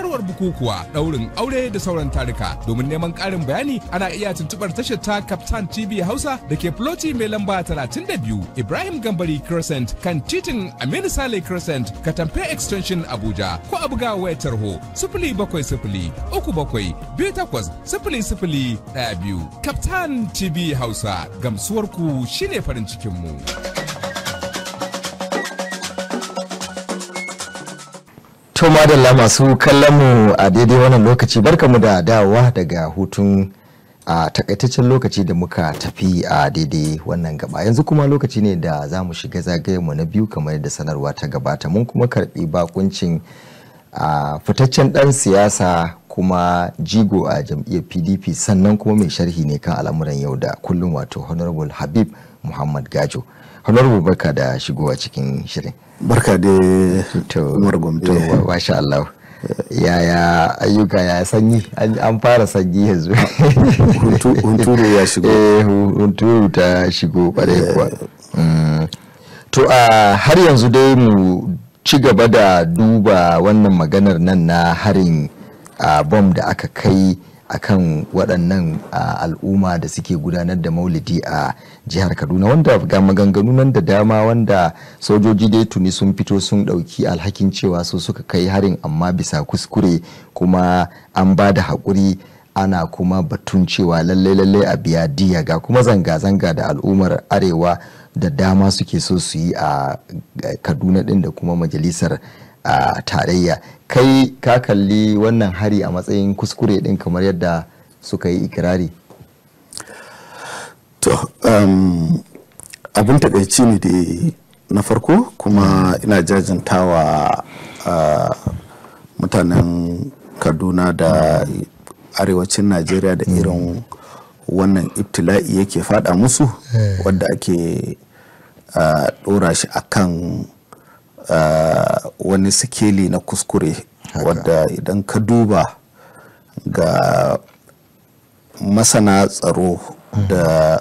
sanarwar bukukuwa daurin aure da sauran tarika domin neman karin bayani ana iya tuntubar tashar ta captain tv hausa da ke floti mai lamba 32 ibrahim gambari crescent kan titin aminu sale crescent katamfe extension abuja ko a buga waya tarho 070 captain tv hausa gamsuwar ku shine farin cikinmu. mu To madalla masu kallon mu a daidai wannan lokaci barkamu da dawowa daga hutun a takaitaccen lokaci da muka tafi a daidai wannan gaba yanzu kuma lokaci ne da za mu shiga zagayenmu na biyu kamar da sanarwa ta gabata mun kuma karbi bakuncin a fitaccen dan siyasa kuma jigo a jam'iyyar pdp sannan kuma mai sharhi ne kan al'amuran yau da kullum wato honorable habib muhammad gajo honorable barka da shigowa cikin shirin barka da umar wa eh, sha Allah yaya ayyuka ya sanyi an fara sanyi yanzu hunturu ya shigo eh hunturu ta shigo kwarai kuwa eh. mm. to a har yanzu dai mu ci gaba da duba wannan maganar nan na harin bom da aka kai akan waɗannan al'umma da suke gudanar da maulidi a jihar kaduna wanda ga maganganu nan da dama wanda sojoji dai tuni sun fito sun ɗauki alhakin cewa su suka kai harin amma bisa kuskure kuma an ba da haƙuri ana kuma batun cewa lallai lallai a biya diya ga kuma zanga-zanga da al'ummar arewa da dama suke so su yi a kaduna ɗin da kuma majalisar tarayya kai ka kalli wannan hari a matsayin kuskure din kamar yadda suka yi ikirari to um, abin takaici ne da na farko kuma ina jajantawa uh, mutanen kaduna da arewacin najeriya da irin wannan ibtila'i yake fada musu eh. wadda ake dora uh, shi akan wani sikeli na kuskure wadda idan ka duba ga masana tsaro mm. da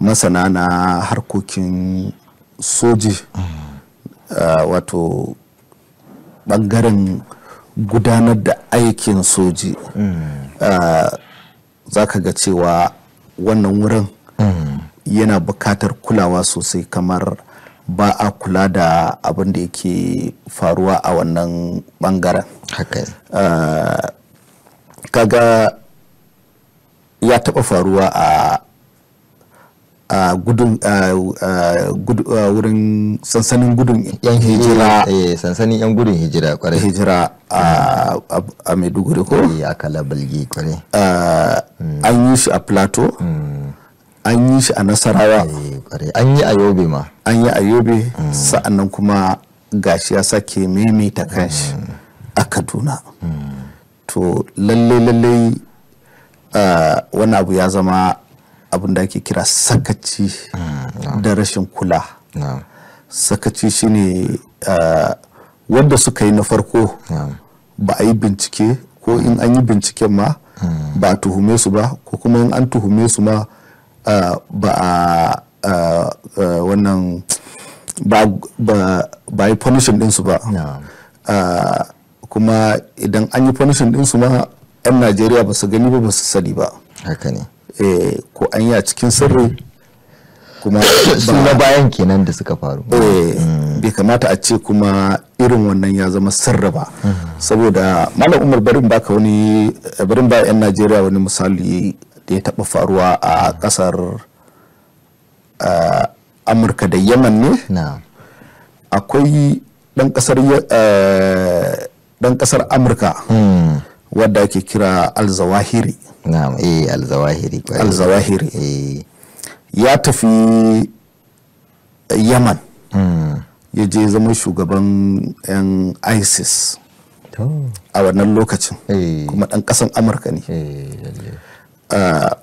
masana na harkokin soji mm. wato bangaren gudanar da aikin soji mm. za ka ga cewa wannan wurin yana bukatar kulawa sosai kamar ba a kula da abin da yake faruwa a wannan bangaren okay. uh, ah, kaga ya taba faruwa a a gudun wurin sansanin gudun yan hijira eh sansanin yan gudun hijira kwarai hijira a maiduguri ko eh, a kalabalgi kwarai ah, hmm. an yi shi a plateau mm. an yi shi a nasarawa eh, an yi a yobe ma an yi a yobe mm. sa'annan kuma gashi ya sake maimaita kanshi mm. a kaduna mm. to lalle lalle ah, wani abu ya zama abin da ake kira sakaci da rashin kula sakaci shine ne ah, wanda suka yi na farko ba a yi bincike ko in an yi binciken ma ba a tuhume su ba ko kuma in an tuhume su ma ba a wannan ba yi punishing dinsu ba kuma idan an yi punishing dinsu ma 'yan najeriya ba su gani ba ba su sani ba haka ne eh, ko an yi a cikin sirri kuma su na bayan kenan da suka faru eh, mm. bai kamata a ce kuma irin wannan ya zama sirri ba mm. saboda malam umar barin baka wani barin ba 'yan najeriya wani misali da ya taɓa faruwa a ƙasar amurka da yaman ne akwai ɗan ƙasar amurka hmm. wadda ake kira alzawahiri eh, alzawahiri eh. ya tafi yaman hmm. ya je zama shugaban 'yan isis a wannan lokacin eh. kuma ɗan ƙasan amurka ne Ah,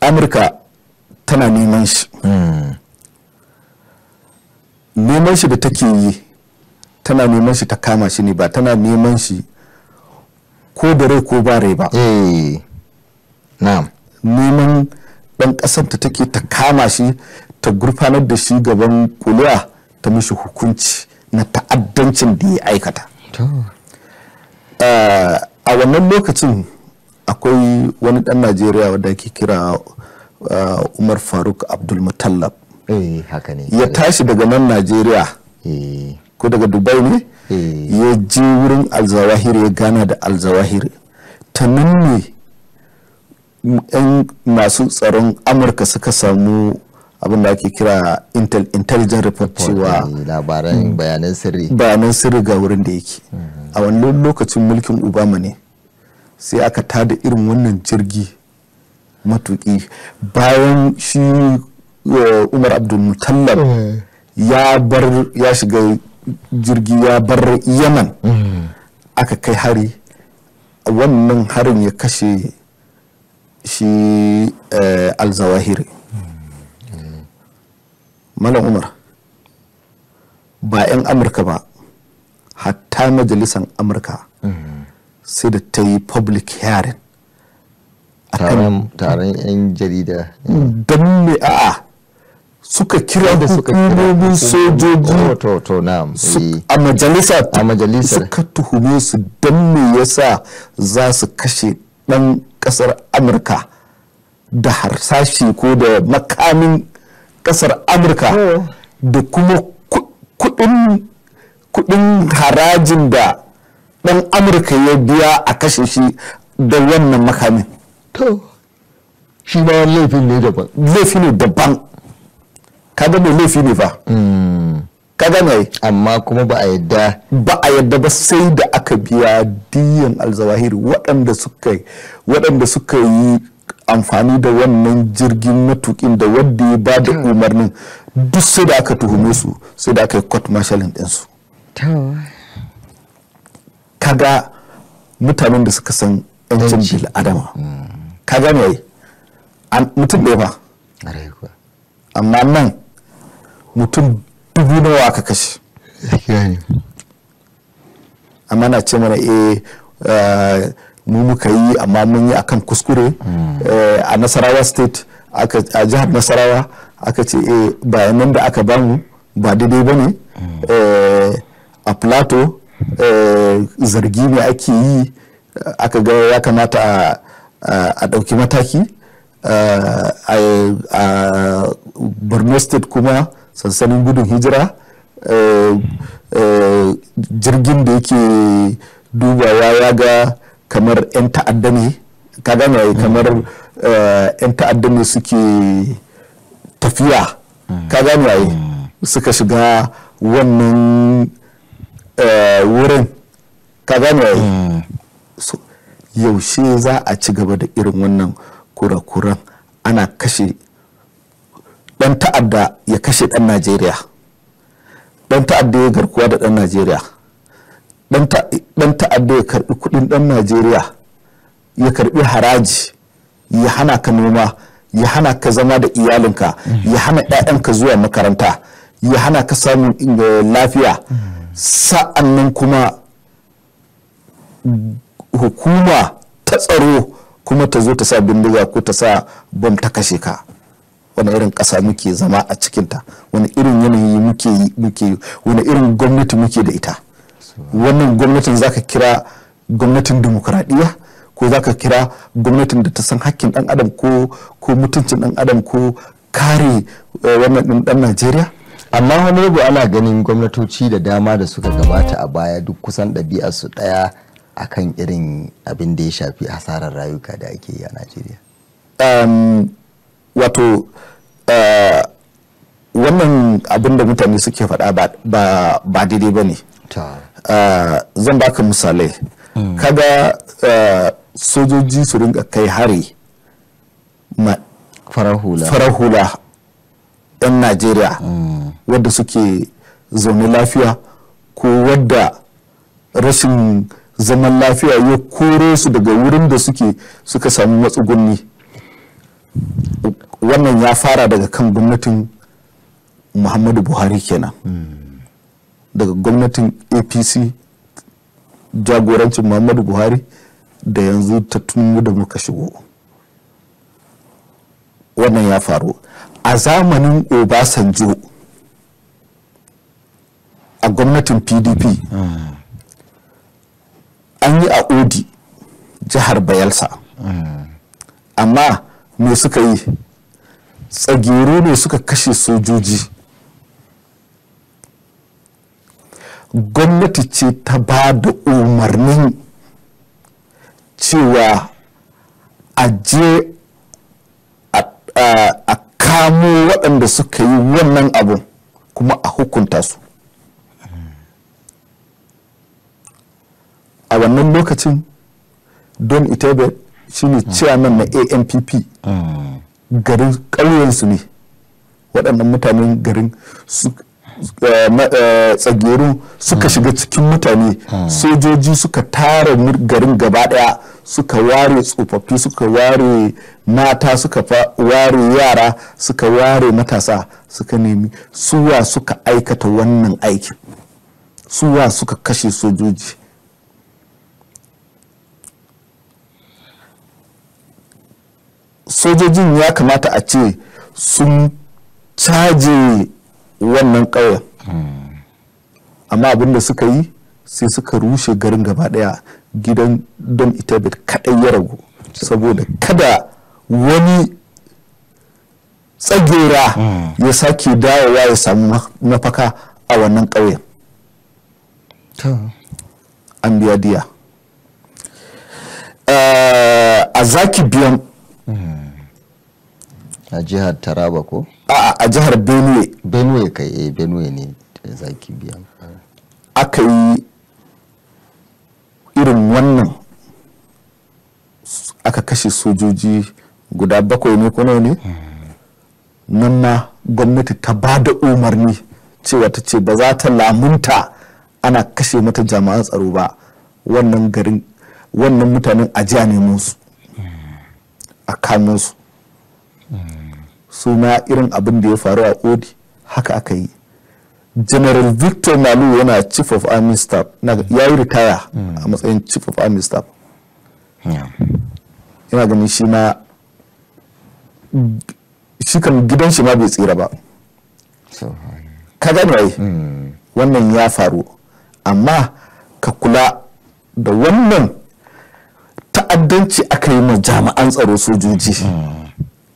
amurka tana neman shi neman shi da take yi tana neman shi ta kama shi ne ba tana neman shi ko da rai ko ba rai ba eh, neman ɗan ƙasar ta take ta kama shi ta gurfanar da shi gaban kuluwa ta mishi hukunci na ta'addancin da ya aikata ah, a wannan lokacin akwai wani dan najeriya wadda ke kira uh, umar faruk abdul mutallab eh, ya tashi daga nan najeriya eh. ko daga dubai ne eh. ya je wurin alzawahir ya gana da alzawahir ta nan ne yan masu tsaron amurka suka samu abin da ake kira intel, intelligent report cewa labaran hmm. bayanan sirri bayanan sirri ga wurin da yake hmm. a wannan lokacin mulkin obama ne sai aka tada irin wannan jirgi matuki bayan shi uh, umar abdulmutallab eh. ya bar ya shiga jirgi ya bar yaman hmm. aka kai hari wannan harin ya kashe shi uh, alzawahiri hmm. malam umar ba 'yan amurka ba hatta majalisan amurka hmm. sai da ta yi public hearing taron yan jarida don me a'a suka kira da suka kira sojoji eh. a majalisa suka tuhume su don me yasa za su kashe dan kasar amurka da harsashi ko da makamin kasar amurka oh. da kuma kudin harajin da dan amurka ya biya a kashe shi da wannan makamin to shi ba laifin ne daban laifi ne daban kaga mai laifi ne fa hmm. kaga mai amma kuma ba a yadda ba a yadda ba sai da aka biya diyan alzawahiri waɗanda suka waɗanda suka yi amfani da wannan jirgin matukin da wadda ya ba da umarnin duk sai da aka tuhume su sai da aka yi court marshalling ɗinsu kaga mutanen da suka san yancin bil adama mm. ka gane mutum ɗaya ba amma nan mutum dubu nawa ka kashe amma na ce mana eh, eh mu muka yi amma mun yi akan kuskure mm. eh, a nasarawa state a jihar nasarawa aka ce eh bayanan da aka bamu ba daidai ba ne mm. eh, a plateau Eh, zargi ne ake yi aka ga ya kamata a ɗauki mataki eh, a borno state kuma sansanin gudun hijira eh, jirgin da yake dubawa ya ga kamar 'yan ta'adda ne ka ya kamar 'yan ta'adda ne suke tafiya ka ya suka shiga wannan Eh, wurin ka gane hmm. yaushe za a ci gaba da irin wannan kuran ana kashe dan ta'adda ya kashe dan najeriya dan ta'adda ya garkuwa da dan najeriya dan ta'adda ya karbi kuɗin ɗan najeriya ya karɓi haraji ya hana ka noma ya hana ka zama da iyalinka hmm. ya hana 'ya'yanka zuwa makaranta ya hana ka samun eh, lafiya hmm. sa'annan kuma hukuma ta tsaro kuma ta zo ta sa bindiga ko ta sa bom ta kashe ka wani irin ƙasa muke zama a cikinta wani irin yanayi muke muke wani irin gwamnati muke da ita wannan gwamnatin ka kira gwamnatin demokradiyya ko za ka kira gwamnatin da ta san hakkin ɗan adam ko mutuncin ɗan adam ko kare eh, wannan ɗan najeriya amma honorable ana ganin gwamnatoci da dama da suka gabata a baya duk kusan ɗabi'ar su ɗaya akan irin abin da ya shafi hasarar rayuka da ake yi a najeriya wato wannan abin da mutane suke faɗa ba daidai ba ne zan baka misalai mm. kaga uh, sojoji su rinka kai hari farar hula 'yan najeriya wadda suke zaune lafiya ko wadda rashin zaman lafiya ya kore su daga wurin da suke suka samu matsugunni wannan ya fara daga kan gwamnatin muhammadu buhari kenan daga gwamnatin apc jagorancin muhammadu buhari da yanzu ta tunu da muka shigo wannan ya faru a zamanin obasanjo a gwamnatin pdp an yi a odi jihar bayelsa amma me suka yi tsagero ne suka kashe sojoji gwamnati ce ta ba da umarnin cewa a je a kamo waɗanda suka yi wannan abin kuma a hukunta su a wannan lokacin don itebe shine chairman na ampp hmm. garin ƙauyensu ne waɗannan mutanen garin Eh, eh, tsageru suka hmm. shiga cikin mutane hmm. sojoji suka tara garin gaba daya suka ware tsofaffi suka ware mata suka ware yara suka ware matasa suka nemi suwa suka aikata wannan aikin suwa suka kashe sojoji sojojin ya kamata a ce sun caje wannan ƙauyen hmm. amma abin da suka yi sai suka rushe garin gaba daya gidan don ita bi kaɗai ya ragu hmm. saboda kada wani tsagera hmm. ya sake dawowa ya samu mafaka a wannan ƙauyen an biya diya eh, a zaki biyan a jihar taraba ko a jihar benue benue kai eh benue ne zaki biya aka yi irin wannan aka kashe sojoji guda bakwai ne ko ne nan na gwamnati ta ba da umarni cewa ta ce ba za ta lamunta ana kashe mata jama'an tsaro ba wannan garin wannan mutanen ajiya ne musu a kamin su ma irin abin da ya faru a odi haka aka yi general victor malu yana chief of army staff ya yi ritaya a matsayin chief of army staff yana hmm. ganin shi ma shi kan gidan shi ma bai tsira ba ka gane hmm. wannan ya faru amma ka kula da wannan ta'addanci aka yi ma jami'an tsaro sojoji hmm.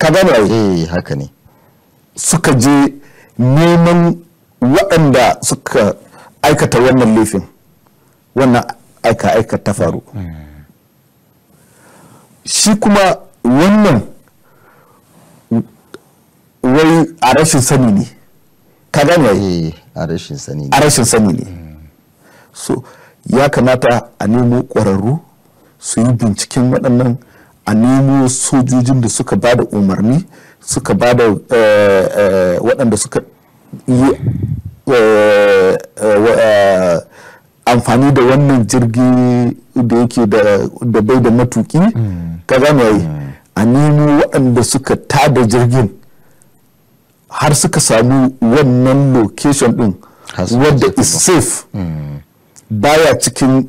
ka gane eh haka ne suka je neman waɗanda suka aikata wannan laifin wannan aika aika ta faru shi kuma wannan wai a rashin sani ne ka gane eh, a rashin sani ne a rashin sani ne so ya kamata a nemo ƙwararru su yi binciken waɗannan a nemo sojojin da suka ba da umarni suka ba da eh, eh, waɗanda suka yi eh, amfani da wannan jirgi da yake da bai da matuki hmm. ka gane yi hmm. a nemo waɗanda suka tada jirgin har suka samu wannan location ɗin wadda is safe hmm. baya cikin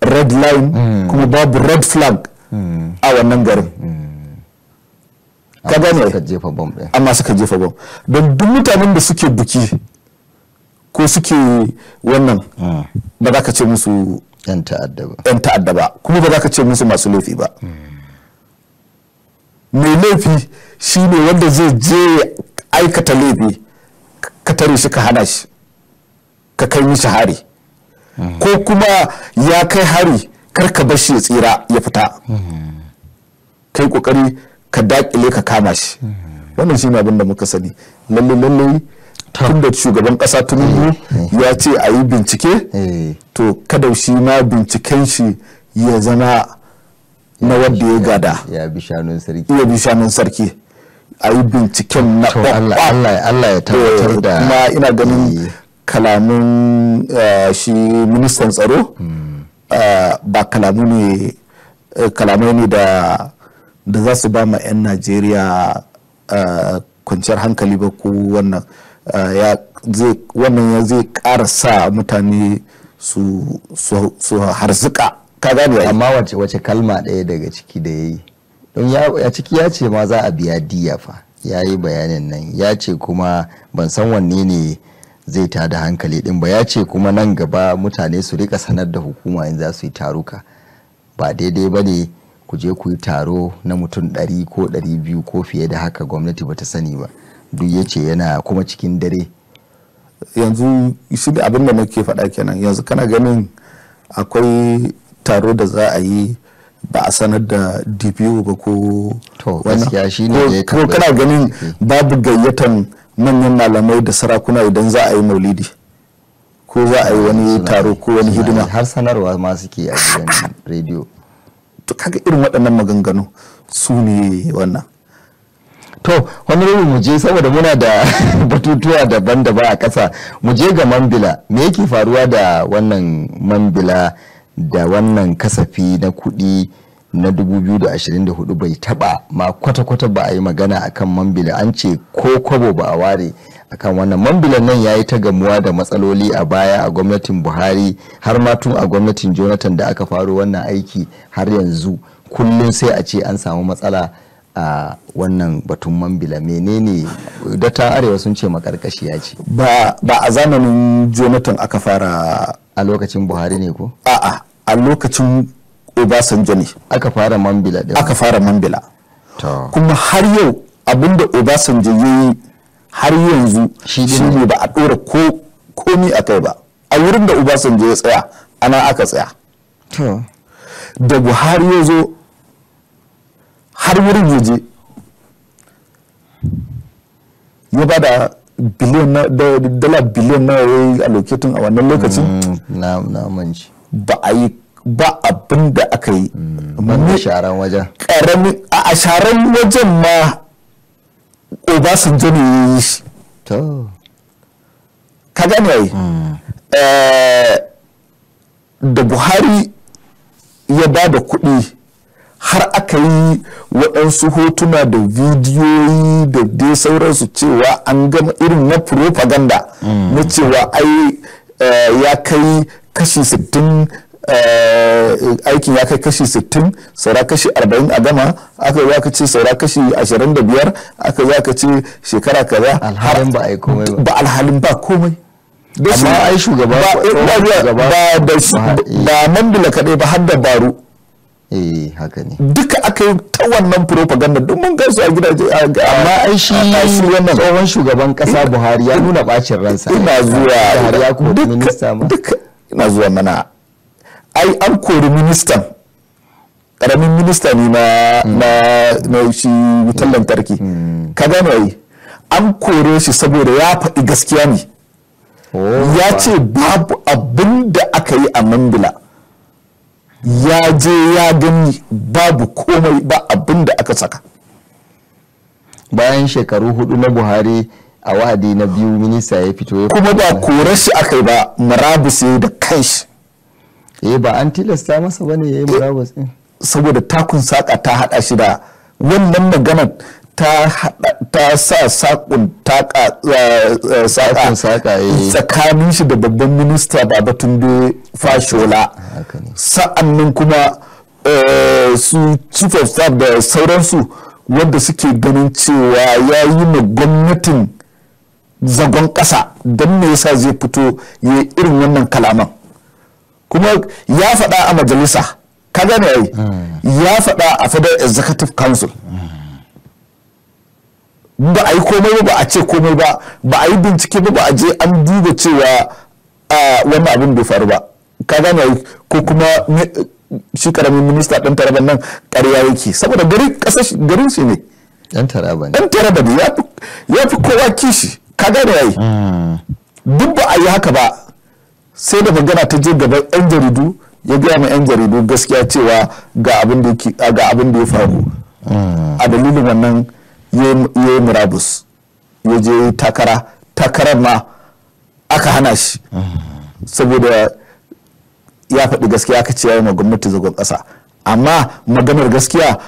red line kuma babu red flag a wannan garin ka gane amma suka jefa bom don duk mutanen da suke buki ko suke wannan ba za ka ce musu yan ta'adda ba kuma ba za ka ce musu masu laifi ba mai laifi shi ne wanda zai je aikata laifi ka tare shi ka hana shi ka kai shi hari ko kuma ya kai hari kar ka bar shi ya tsira ya fita kai kokari ka dakile ka kama shi wannan shine abin da muka sani lalle lalle tun da shugaban kasa tunubu eh. ya ce a yi bincike eh. to kada shi ma binciken shi ya zama na wanda ya gada ya bi shanun sarki ya bi shanun sarki a yi binciken na Allah ya tabbatar eh, da kuma ina ganin kalamin shi ministan tsaro hmm. ba kalamu ne eh, kalamai ne da da za su ba ma 'yan najeriya eh, kwanciyar hankali ba ko eh, wannan ya zai ƙara sa mutane su harzuka ka gane amma wace kalma ɗaya daga ciki da ya yi don ya ciki ya ce ma za a biya diya fa ya yi bayanin nan ya ce kuma ban san wanne ne zai ta da hankali din ba ya ce kuma nan gaba mutane su rika sanar da hukuma in za su yi taruka ba daidai ba ne ku je ku yi taro na mutum 100 ko 200 ko fiye da haka gwamnati ba ta sani ba duk ya ce yana kuma cikin dare yanzu shi da abin da nake faɗa kenan yanzu kana ganin akwai taro da za a yi ba a sanar da dpo ba ko to ko kana ganin eh. babu gayyatan manyan malamai da sarakuna idan za a yi maulidi ko za a yi wani taro ko wani hidima har sanarwa ma suke a gidan rediyo to kaga irin waɗannan maganganu su ne wannan to wani rubin mu je saboda muna da batutuwa daban-daban a ƙasa mu je ga mambila me yake faruwa da wannan mambila da wannan kasafi na kuɗi na 2024 bai taba ma kwata-kwata ba a yi magana akan mambila an ce ko kwabo ba a ware akan wannan mambila nan ya yi ta gamuwa da matsaloli a baya a gwamnatin buhari har ma tun a gwamnatin jonathan da aka faro wannan aiki har yanzu kullum sai a ce an samu matsala a wannan batun mambila menene data arewa sun ce ya ce ba a zamanin jonathan aka fara a lokacin buhari ne ko a'a a lokacin obasanjo ne aka fara mambila aka fara mambila kuma har yau abinda obasanjo ya yi har yanzu shi ne ba a ɗora ko komi a kai ba a wurin da obasanjo ya tsaya ana aka tsaya da buhari ya zo har wurin ya je ya ba da biliyan na dala biliyan na yayi a lokacin a wannan lokacin mm, na manci ba a yi ba abin da aka yi mm, sharan wajen Karami a sharan wajen ma obasanjo ne ya yi shi ka gane mm. eh, da buhari ya ba da kuɗi har aka yi waɗansu hotuna da bidiyoyi da dai sauransu cewa an gama irin na propaganda mm. na cewa ai eh, ya kai kashi sittin Eh, aikin ya kai kashi 60 saura kashi 40 a gama aka za ka ce saura kashi 25 aka za ka ce shekara kaza alhalin ba a komai ba ba alhalin ba komai amma ai shugaba ba da ba eh. mandula kadai ba har da baro eh haka ne duka aka yi ta wannan propaganda duk mun gansu a gidaje amma ai shi wannan tsohon shugaban kasa Buhari ya nuna bacin ransa ina zuwa ya kuma minista ma duka ina zuwa mana ai an kori ministan karamin minista ne na na hmm. shi wutar hmm. lantarki hmm. ka gano yi an kore shi saboda ya faɗi gaskiya ne oh, ya ce babu abin da aka yi a mambila ya je ya gani babu komai ba abin da aka saka bayan shekaru hudu na buhari a wa'adi na biyu minista ya fito ya kuma ba kore shi aka yi ba murabus da kanshi eh ba an tilasta masa bane yayi eh, murabus din saboda takun saka ta hada shi da wannan maganar ta sa sakun eh, eh, taka tsakanin shi da babban minista baba Tunde fashola sa'annan kuma su chief of staff da sauransu wanda suke ganin cewa ya yi ma gwamnatin zagon kasa dan me yasa zai fito ya irin wannan kalaman kuma ya faɗa a majalisa ka gane yi hmm. ya faɗa a federal executive council ba a yi komai ba a ce komai ba ba a yi bincike ba ba a je an duba cewa wani abin da faru ba ka gane ko kuma shi karamin minista ɗan taraban nan ƙarya yake saboda garin shi ne ɗan taraba ne ɗan taraba ne ya fi kowa kishi ka gane yi hmm. duk ba a yi haka ba sai da magana ta je gaba 'yan jaridu ya gaya ma 'yan jaridu gaskiya cewa ga abin da ya faru a dalilin wannan ya yi murabus ya je takara takarar ma aka hana shi saboda ya faɗi gaskiya aka ce ya gwamnati zagon ƙasa amma maganar gaskiya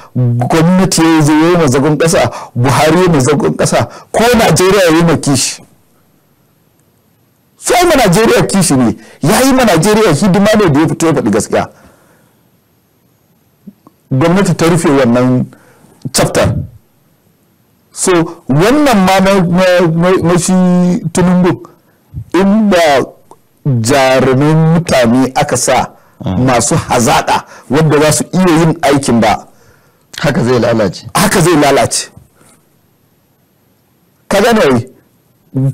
gwamnati ya yi ma zagon ƙasa buhari ya ma zagon ƙasa ko najeriya ya yi ma sai ma Najeriya kishi ne ya yi ma Najeriya hidima ne da ya fito ya gaskiya gwamnati ta rufe wannan chapter so wannan ma na shi in ba jarumin mutane aka sa mm. masu hazaɗa wadda za su iya yin aikin ba haka zai lalace haka zai lalace ka gane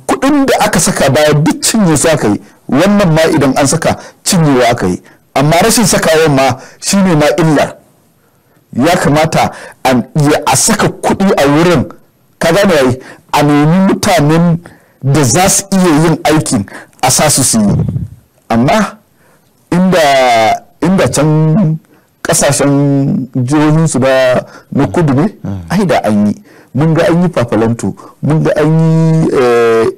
kuɗin da aka saka baya duk cinye su aka yi wannan ma idan an saka cinyewa aka yi amma rashin sakawan ma shine ma illar ya kamata an iya a saka kuɗi a wurin ka gane yayi a nemi mutanen da za su iya yin aikin a sa su su yi amma inda can kasashen jihohinsu ba na kudu ne ai da an yi mun ga an yi fafalantu mun ga an yi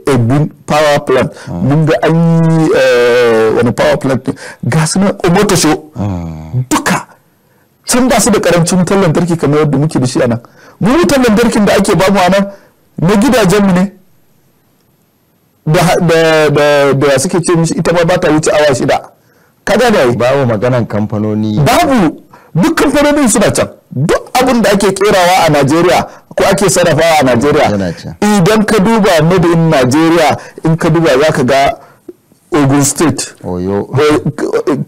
ebin eh, power plant mun ga an yi eh, wani power plant ga su na omotosho hmm. duka sun ba su da karancin wutar lantarki kamar yadda muke da shi a nan mun wutar lantarkin da ake bamu a nan na gidajenmu ne da suke ce mishi ita ma ba ta wuce awa shida kaga da babu maganan kamfanoni babu duk kamfanonin suna can duk abin da ake kerawa a najeriya ko ake sarrafawa a Najeriya idan ka duba made in Najeriya in ka duba za ka ga Ogun State eh,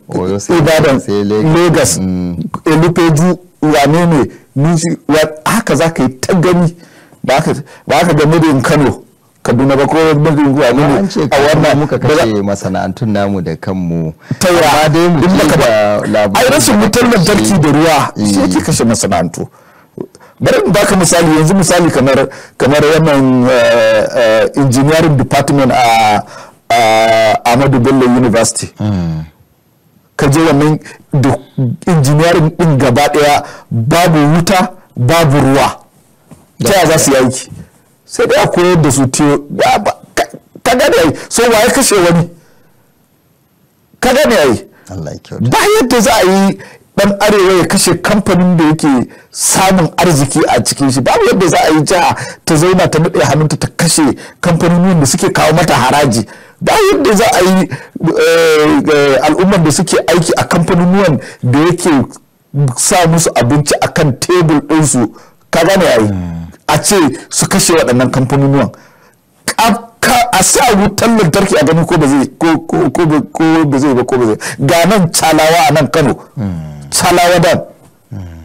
Ibadan Lagos mm. Elupeju wane ne haka za ka yi ta gani ba haka ga made in Kano kaduna ba ko bugun guwa ne a wannan muka kashe masana'antun namu da kanmu ta yawa dai mu ba labarin ai rashin wutar lantarki da ruwa shi mm. yake kashe masana'antu bari in baka misali yanzu misali kamar kamar wannan eh, eh, engineering department a Ahmadu Bello University hmm. ka je wannan engineering din gaba daya babu wuta babu ruwa ta za su yanki sai dai a koyar da su ka gane yayi so waye kashe wani ka gane yayi ba yadda za a yi dan arewa ya kashe kamfanin da yake samun arziki a cikin shi babu yadda za a yi jiha ta zauna ta daɗe hannunta ta kashe kamfanonin da suke kawo mata haraji ba yadda za a yi eh, eh, al'ummar da suke aiki a kamfanonin da yake sa musu abinci a kan tebul ɗinsu ka gane yayi a ce su kashe waɗannan kamfanonin a sa wutan lantarki a gani ko ba zai ko ba zai ba ko ba zai ga nan calawa a nan kano hmm. salawadan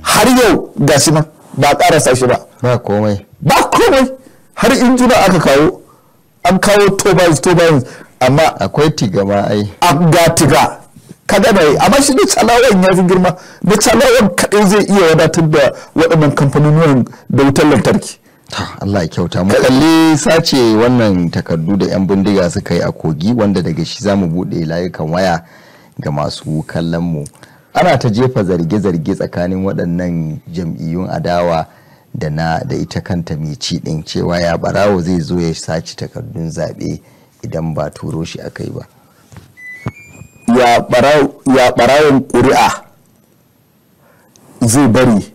har yau ga shi nan ba karasa shi ba ba komai ba komai har injuna aka kawo an kawo turbines turbines amma akwai tiga ma ai ga tiga kaga da amma shi da salawan ya fi girma da salawan kaɗai zai iya wadatar da waɗannan kamfanonin da wutar lantarki Allah ya kyauta mu kalli sace wannan takardu da yan bindiga suka yi a kogi wanda daga shi zamu bude layukan waya ga masu kallon mu ana ta jefa zarge-zarge tsakanin waɗannan jam'iyyun adawa da na da ita kanta mai ci ɗin cewa ya barawo zai zo ya saci takardun zaɓe idan ba turo shi aka yi ba ya barawon ƙuri'a zai bari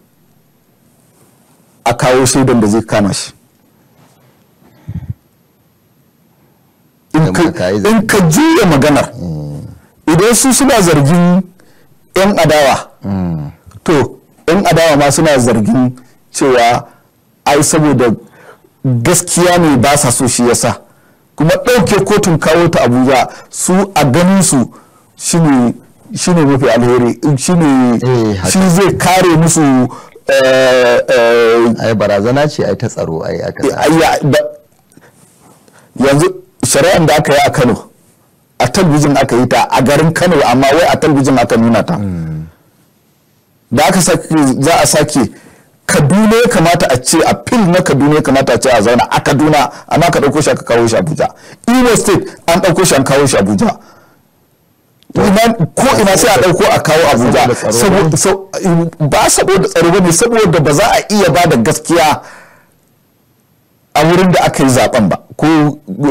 a kawo shaidan da zai kama shi in ka juya maganar eh. idan su suna zargin 'yan adawa to 'yan adawa ma suna zargin cewa ai saboda gaskiya ne ba sa so shi yasa kuma ɗauke kotun kawo ta abuja su a ganin su shine mafi alheri ne eh, shi zai kare musu eh, eh, ai barazana ce ai ta tsaro ai aka yanzu shari'an da aka yi a kano a talbijin aka yi ta a garin kano amma wai a talbijin aka nuna ta da aka za a sake kaduna ya kamata a ce a fil na kaduna ya kamata a ce a zauna a kaduna amma ka ɗauko shi aka kawo shi abuja imo state an ɗauko shi an kawo shi abuja ko ina sai a ɗauko a kawo abuja ba saboda tsaro ba ne saboda ba za a iya ba da gaskiya a wurin da aka yi zaben ba ko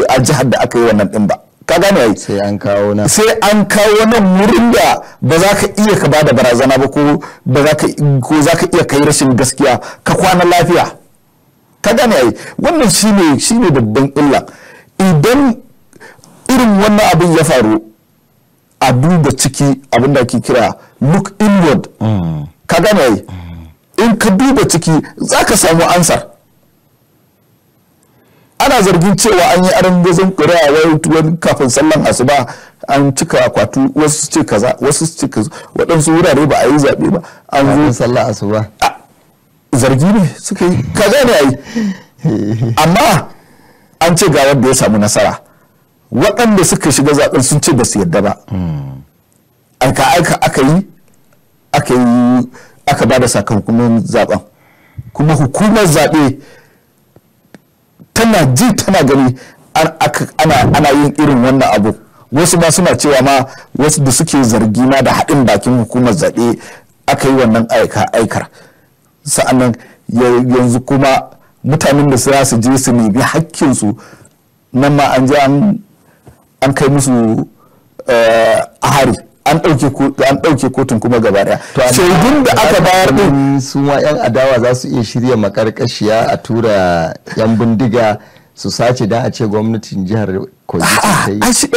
a jihar da aka yi wannan ɗin ba ka gane ai sai an kawo nan sai an kawo nan wurin da ba za ka iya ka bada barazana ba ko ba za ka ko za ka iya kai rashin gaskiya ka kwana lafiya ka gane ai wannan shine shine babban illa idan irin wannan abin ya faru a duba ciki abin da ake kira look inward mm. ka gane mm. in ka duba ciki za ka samu ansar ana zargin cewa an yi aron gazon ƙuri'a wani kafin sallan asuba an cika akwatu wasu ce kaza wasu ce kaza waɗansu wurare ba a yi zaɓe ba an zo sallan asuba zargi ne suka yi kaza ne a yi amma an ce ga wanda ya samu nasara waɗanda suka shiga zaɓen sun ce ba su yarda ba aika aika aka yi aka yi aka ba da sakamakon zaɓen kuma hukumar zaɓe tana ji tana gani ana yin irin wannan abu wasu ba suna cewa ma wasu da suke zargi na da haɗin bakin hukumar zaɓe aka yi wannan aikar sa'annan yanzu kuma mutanen da za su je su nemi hakkinsu nan ma an je an kai musu eh, hari an ɗauke kotun kuma gaba daya shaidun da aka bayar din su ma yan adawa za su iya shirya makarkashiya a tura yan bindiga su sace da a ce gwamnatin jihar kogi ta yi shi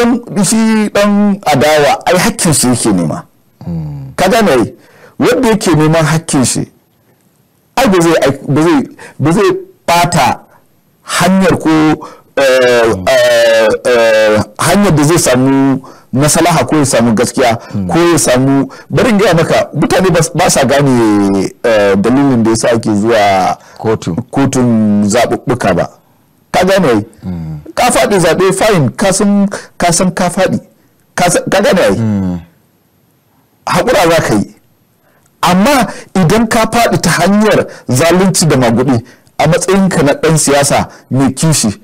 shi dan adawa ai hakkin shi yake nema hmm. ka gane wanda yake neman hakkin shi ai ba zai ba ba zai bata hanyar ko eh, eh, eh, hanyar da zai samu salaha ko ya samu gaskiya hmm. ko ya samu barin gaya maka mutane ba sa gane eh, dalilin da yasa ake zuwa kotun zaɓuɓɓuka ba ka gane hmm. ka faɗi zaɓe fine ka san ka faɗi ka gane ai hmm. haƙura za ka yi amma idan ka faɗi ta hanyar zalunci da maguɗi a matsayinka na ɗan siyasa mai kishi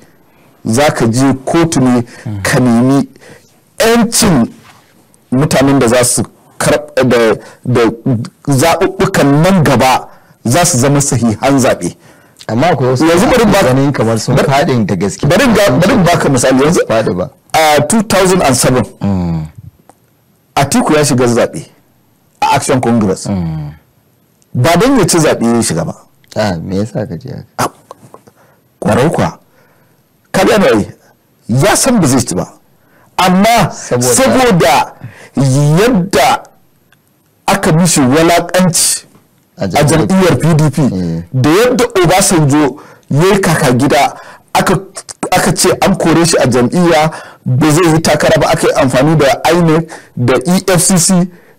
za ka je kotu ne ka nemi 'yancin mutanen da za su da zaɓuɓɓukan nan gaba za su zama sahihan zaɓe amma akwai wasu yanzu bari ba ganin kamar sun faɗin da gaske bari bari baka misali yanzu faɗi ba a 2007 Atiku ya shiga zaɓe a Action Congress mm. ba don ya ci zaɓe ya shiga ba a ah, me yasa ka ji haka ah, kwarau kwa kaga ya san ba zai ci ba amma saboda yadda aka mishi walakanci a jam'iyyar pdp mm. da yadda obasanjo ya yi kaka gida aka ce an kore shi a jam'iyya ba zai yi takara ba aka yi amfani da inec da efcc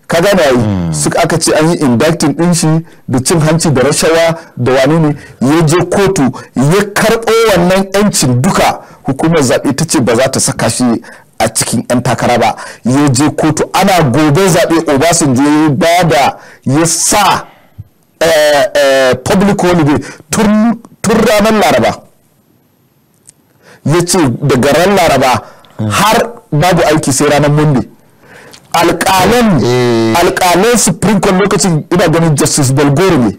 ka gana yi mm. suka aka ce an yi indactin din shi da cin hanci da rashawa da wani ne ya je kotu ya karɓo wannan yancin duka hukumar zaɓe ta ce ba za ta saka shi a cikin 'yan takara ba ya je kotu ana gobe zaɓe obasanjo ya ba da ya sa eh, eh, public holiday tun ranar laraba ya ce daga ran laraba har babu aiki sai ranar monday alƙalan eh. alƙalan supreme court lokacin ina ganin justice belgore ne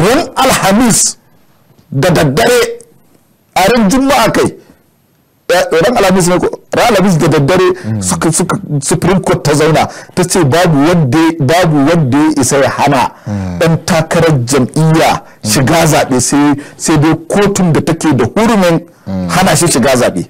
ran alhamis da daddare a ran juma'a kai Eh, ran alhamis ne ran alhamis da daddare hmm. suka suka supreme court ta zauna ta ce babu wanda babu wanda ya isa ya hana dan hmm. takarar jam'iyya hmm. shiga zabe sai sai dai kotun da take da hurumin hana shi shiga zaɓe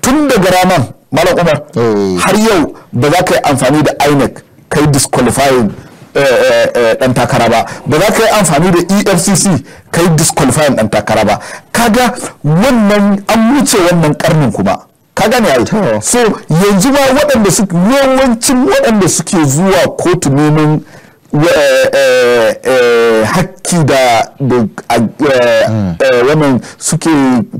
tun daga ranar malam umar oh. har yau ba za ka yi amfani da inec kai disqualifying Eh, eh, eh, dan takara ba ba za ka yi amfani da efcc ka yi disqualifying dan takara ba kaga wannan an wuce wannan karnin kuma ka gane ai so yanzu ma waɗanda su yawancin waɗanda suke zuwa kotu neman hakki da hmm. wannan suke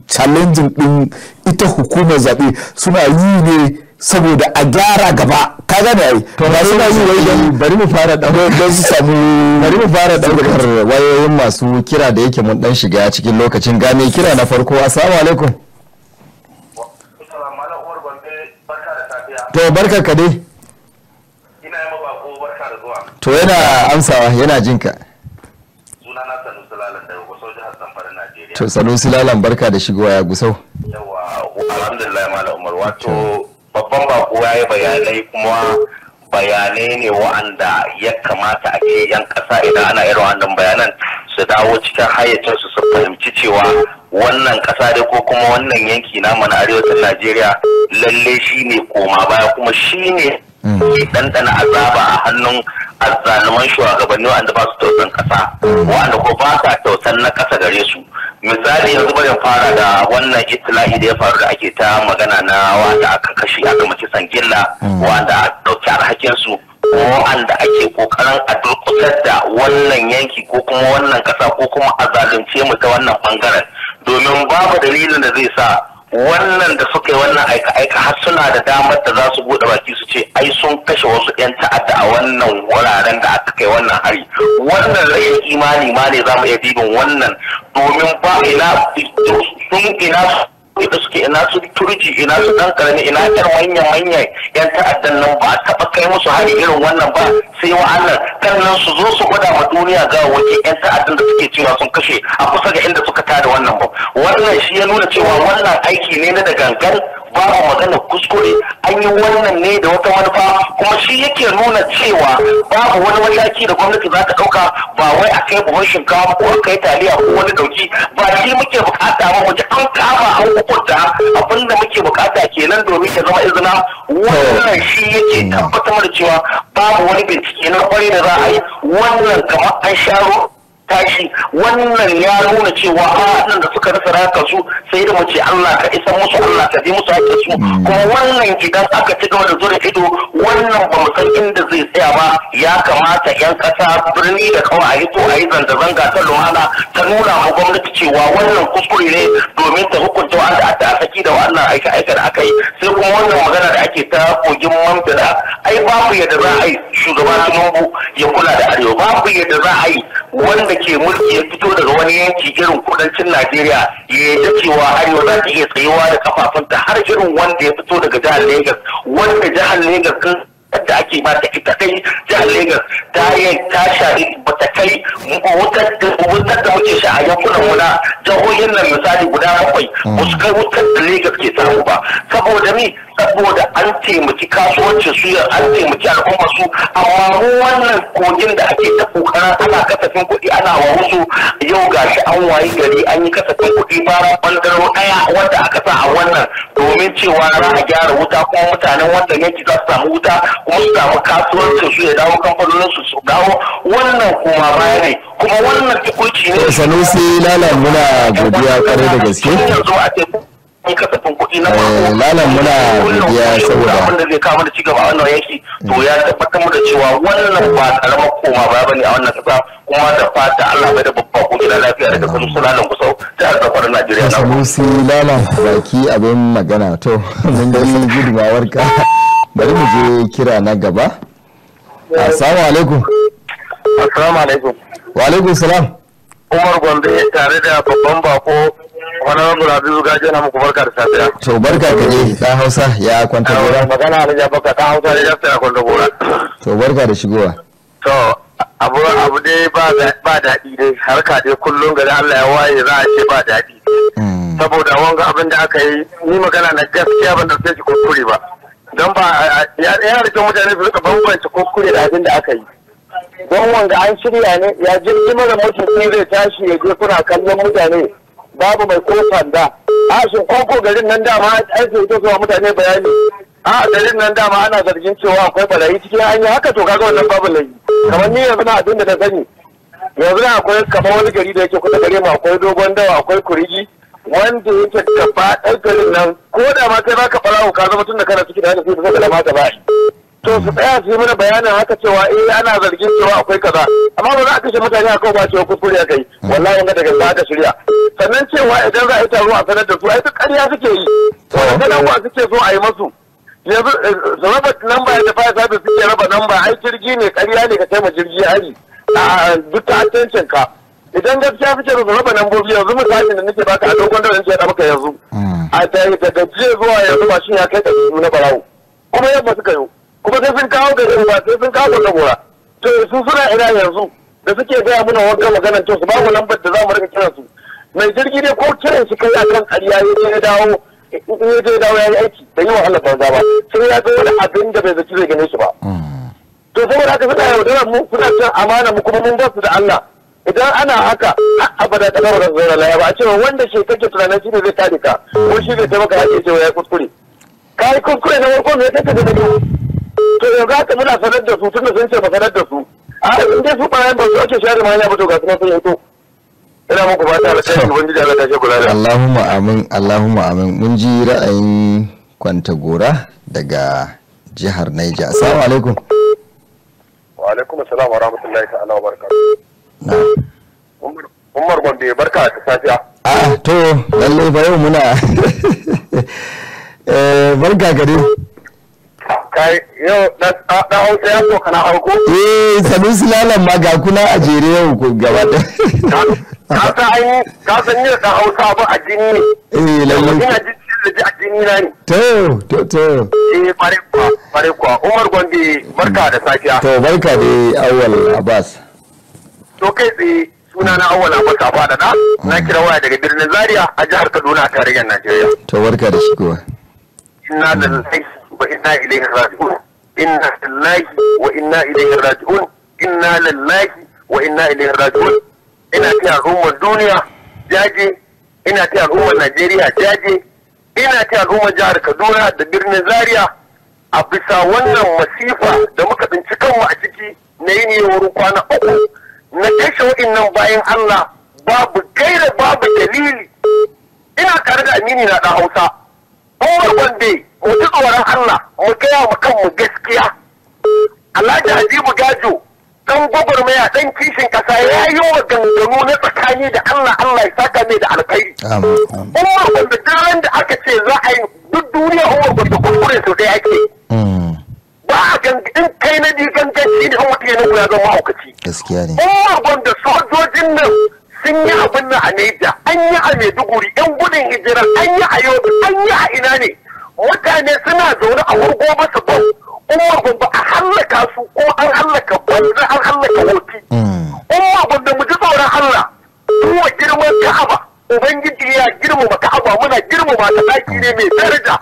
challenging din ita hukumar zaɓe suna yi ne saboda a gyara gaba ka gane ai ba suna yi wai don bari mu fara don su samu bari mu fara daukar wayoyin masu kira da yake mun dan shiga cikin lokacin game kira na farko assalamu alaikum to barka ka dai ina yi bako barka da zuwa to yana amsawa yana jinka sunana sanusi lalan daga gusau jihar zamfara najeriya to sanu silalan barka da shigowa ya gusau yawa alhamdulillah malam umar wato babban bako ya yi bayanai kuma bayanai ne wa'anda ya kamata a ke yan kasa idan ana irin wannan bayanan su dawo cikin hayyacin su su fahimci cewa wannan kasa dai ko kuma wannan yanki na na arewacin najeriya lalle shi ne koma baya kuma shi ne ɗanɗana azaba a hannun azzaluman shugabanni wa'anda ba su tausan ƙasa wa'anda ko ba sa tausan na kasa gare su misali yanzu bari fara da wannan itilahi da ya faru da ake ta magana na wanda aka kashe aka mace sangilla hmm. wanda dauki ɗauki su ko wanda ake kokarin a durkusar da wannan yanki ko kuma wannan ƙasa ko kuma a zalunce mu ta wannan bangaren domin babu dalilin da zai sa wannan da suka yi wannan aika-aika har suna da damar da za su bude baki su ce ai sun kashe wasu 'yan ta'adda a wannan wuraren da aka kai wannan hari wannan rayin imani ma ne za mu iya bibin wannan domin ba ina sun ina da suke ina su turji ina su dan karami ina yan manyan manyan yan ta'addan nan ba a taba kai musu hari irin wannan ba sai wa'annan kallon su zo su gwada ma duniya ga waje yan ta'addan da suke cewa sun kashe a kusa ga inda suka tada wannan ba wannan shi ya nuna cewa wannan aiki ne na da gangan babu magana kuskure an yi wannan ne da wata manufa kuma shi yake nuna cewa babu wani mataki da gwamnati za ta ɗauka ba wai a kai buhun shinkafa ko a kai taliya ko wani dauki ba shi muke bukata ba mu ji an kama an hukunta abin da muke bukata kenan domin ya zama izina wannan shi yake tabbatar da cewa babu wani bincike na kwarai da za a yi wannan kamar an sharo tashi wannan ya nuna cewa wannan da suka rasa raka su sai da mace Allah ka isa musu Allah ka bi musu hakkin su mm. kuma wannan idan aka ci gaba da zura ido wannan ba san inda zai tsaya ba ya kamata yan kasa birni da kawai a yi ko a yi zanga-zanga ta lumana ta nuna ma gwamnati cewa wannan kuskure ne domin ta hukunta wanda a saki da wannan aika-aika da aka yi sai kuma wannan magana da ake ta kogin mamfila ai babu yadda za a yi shugaba Tinubu ya kula da arewa babu yadda za a yi wanda ke mulki ya fito daga wani yanki irin kudancin Najeriya ya yi cewa arewa za ta iya tsayuwa da kafafunta har irin wanda ya fito daga jihar Legas wanda jihar Legas kan da ake ba ta ita kai jihar Legas ta yi ta share ba ta kai wutar da muke sha a yankunan mu na jihohin nan misali guda bakwai ba su kai wutar da Legas ke samu ba saboda ni saboda an taimaki kasuwancin su an taimaki al'umma su amma mu wannan kogin da ake ta kokarin ana kasafin kuɗi ana wa wasu yau gashi an wayi gari an yi kasafin kuɗi bayan ɓangaro ɗaya wanda aka sa a wannan domin cewa za a gyara wuta kuma mutanen wanda yanki za su samu wuta kuma su samu kasuwancin su ya dawo kamfanonin su su dawo wannan kuma baya ne kuma wannan tukunci ne. Sanusi Lala muna godiya kwarai da gaske. in kasafin kuɗi na farko eh, malam muna biya saboda abin da zai kawo mana cigaba a wannan yaki to ya tabbatar mu da cewa wannan ba karamar koma ba bane a wannan kasa kuma da fata Allah bai da babba ko gida lafiya daga sanu sulalan sau ta arzakar Najeriya na Sanusi lalan baki abin magana to mun ga gudumawar ka bari mu je kira na gaba assalamu alaikum assalamu alaikum wa alaikum salam Umar Gombe tare da babban bako wani rabu Rabi'u gaje na muku barka da safiya. To barka ka je ɗan Hausa ya kwanta gora. Magana Alhaji Abubakar ɗan Hausa ya gaskiya kwanta gora. To barka da shigowa. To abu abu dai ba daɗi dai harka dai kullum gari Allah ya waye za a ce ba daɗi. Hmm. Saboda wanga abin da aka yi ni magana na gaskiya ban ɗauke shi kuskure ba. Don ba yana da kyau mutane su rika bambance kuskure da abin da aka yi. Don wanga an shirya ne ya jirgin mara mutum zai tashi ya je kuna kallon mutane babu mai ko sanda a shin koko garin nan dama an ce ita zuwa mutane bayani a garin nan dama ana zargin cewa akwai barayi cikin hanya haka to kaga wannan babu laifi kamar ni yanzu na abin da na sani yanzu na akwai kamar wani gari da yake kusa gare mu akwai dogon dawa akwai kurigi wanda yake gaba ɗan garin nan ko da ma kai baka fara ka zama tun da kana ciki da hanyar sai ka zama da ba'i to su tsaya su yi mana bayanin haka cewa eh ana zargin cewa akwai kaza amma ba za a kashe mutane a kawai ba cewa kuskure ya kai mm. wallahi ga daga aka shirya sannan cewa idan za a yi taro a sanar da su ai duk ƙarya suke yi wanda ba suke so a yi masu yanzu su eh, raba namba da fire service suke raba namba ai jirgi ne ƙarya ne ka kai ma jirgi hari a duk attention ka idan gaskiya suke da su raba nambobi yanzu misali da nake baka a dogon da nake da maka yanzu mm. a daga jiya zuwa yanzu ba shi ya kai da na barawo kuma ba suka yi kuma sai sun kawo da ruwa sai sun kawo gari to su suna ina yanzu da suke gaya mana wanka maganar to su Babu lambar da za mu rika kiran su mai jirgi ne ko kiran shi kai akan ƙarya ya ya dawo in ya dawo ya yi aiki da yi wahala banza ba sai ya ga wani abin da bai zaci zai gane shi ba to saboda haka suna yaudarar mu suna cin amana mu kuma mun ba su da Allah idan ana haka abada ta kawar zaura laya ba a cewa wanda shi kake tunanin shi ne zai tare ka ko shi ne taimaka ya ce ya kuskure ka kuskure na farko me kake da to za ka muna sanar da su tun da sun ce ba sanar da su a ah, in dai su bayan ba su ake share ma hanya ba to ga sunan sun hito ina muku ba ta alƙairi ubangiji Allah ta shi kula da Allahumma amin Allahumma amin mun ji ra'ayin kwanta gora daga jihar Niger assalamu alaikum wa alaikum assalam wa rahmatullahi ta'ala wa barakatuh Umar Gombe barka ta safiya Ah to lalle ba yau muna eh, barka gare yau da hausa ya so kana harko? eh sanusi lalan ma ga kuna a jere yau ko gaba da ka san an ka san yin da hausa ba a jini ne eh lallai ina jin da ji a jini na ni. to to to eh bare kwa bare kwa umar gombe barka da safiya to barka da awwal abbas to kai tsaye suna na awwal abbas abada na na kira waya daga birnin zaria a jihar kaduna a tarayyar najeriya to barka da shigowa ina da zai wa inna ilaihi raji'un inna lillahi wa inna ilaihi raji'un inna lillahi wa inna ilaihi raji'un ina ta al'ummar duniya jaje ina ta al'ummar Najeriya jaje ina ta al'ummar jihar Kaduna da birnin Zaria a bisa wannan masifa da muka tsinci kanmu a ciki na yi wurin kwana uku na kashe wa'innan bayan Allah babu gaira babu dalili ina tare da amini na ɗan Hausa. Umar Gwande mu ji tsoron Allah mu gaya wa kanmu gaskiya Alhaji Habibu Gajo dan gwagwarmaya ɗan kishin kasa ya yi wa ganganu na tsakani da Allah Allah ya saka ne da alkhairi Umar wanda daren da aka ce za a yi duk duniya Umar wanda kuskure sosai ake hmm. ba a gangan kai na ji ganganci da Umar ke nan ya zama mahaukaci gaskiya ne Umar wanda sojojin nan sun yi abin nan a Neja an yi a Maiduguri yan gudun hijira an yi a Yobe an yi a ina ne mutane suna zaune a wurgo masa su bau umar gombe a hallaka su ko an hallaka gombe an hallaka hoti. umar gombe mu ji tsoron allah kuma girman ka'aba ubangiji ya girmama ka'aba muna girmama ta daki ne mai daraja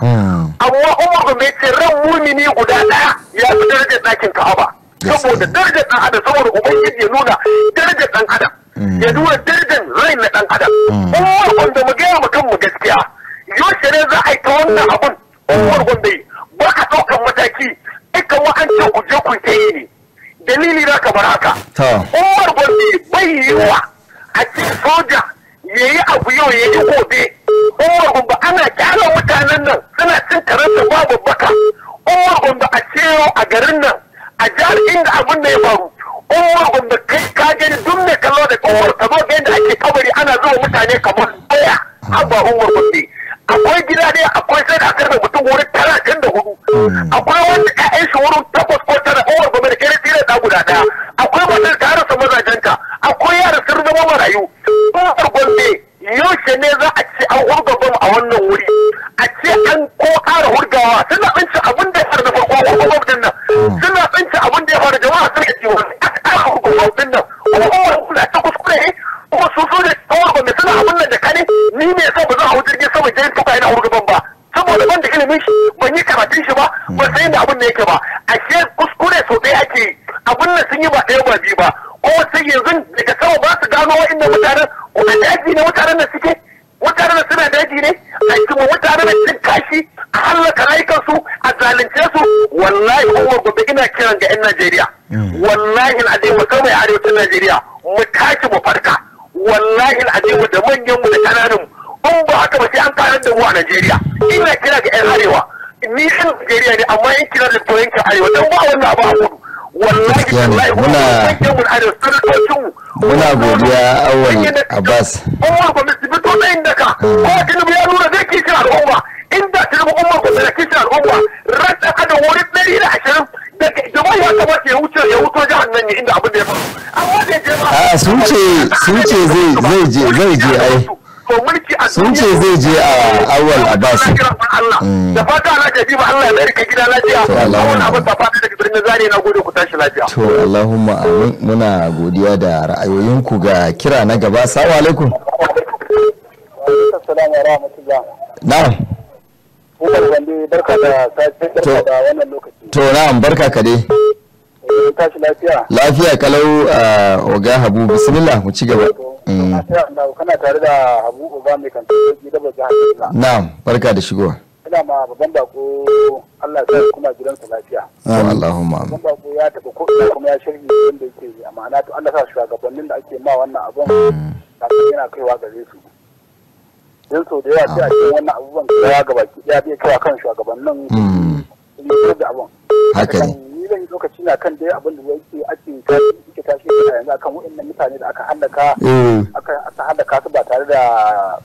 amma umar gombe ce ran mumini guda daya ya fi darajar dakin ka'aba saboda darajar dan adam saboda ubangiji ya nuna darajar dan adam mm. ya nuna darajar rai na dan adam mm. umar gombe mu gaya ma kanmu gaskiya yau ne za a yi ta wannan abun unguwar gombe ba ka ɗaukan mataki dukkan wakance ku je ku ta ne dalili na kamar haka unguwar gombe bai yiwa a ce soja ya yi abu yau ya yi gobe unguwar gombe ana kyara mutanen nan suna cin karanta babu baka unguwar gombe a ce a garin nan a jihar inda abin da ya faru unguwar gombe kai ka gani duk mai kallo da unguwar ka yadda ake kabari ana zuwa mutane kamar doya abba unguwar akwai gida ne akwai sai da karfe mutum wurin talatin da hudu hmm. akwai wanda ƴaƴan shi wurin takwas ko tara ko wani gwamnati kere tsira da guda ɗaya Najeriya wallahi a al'adai mai arewacin Najeriya mu tashi mu farka wallahi a al'adai wata manyan mu da kananan in ba haka ba sai an karar da mu a Najeriya ina kira ga 'yan arewa ni ɗan Najeriya ne amma in kira da ka arewa don ba wannan abu a kudu wallahi muna muna godiya awwal abbas umar ba mu sibito nan daka ko a ah, sun ce sun ce zai je zai je ai sun ce zai je a awal abbas hmm. da fata ala jabi ba Allah ya mai ka gida lafiya wannan abin da fata daga birnin zare na gode ku tashi lafiya to Allahumma amin muna godiya da ra'ayoyinku ga kira na gaba assalamu alaikum assalamu alaikum na'am to na'am barka ka dai Eh, tashi lafiya. Lafiya kalau a eh, Oga Habu bismillah mu ci gaba. Eh, mm. Kana da Habu mai kan tsoki da bajin Na'am barka da shigowa. Ina ma babban bako Allah ya kuma gidansa lafiya. Allahumma. Babban bako ya ko ina kuma da ake mm. yana kaiwa gare su. Yin da yawa sai a ce wannan abubuwan ya bai kaiwa kan shugabannin. Mm. haka ne zan yi lokaci na kan dai abin da yake ake ke tashi da yanzu akan waɗannan mutane da aka halaka mm. aka halaka su ba tare da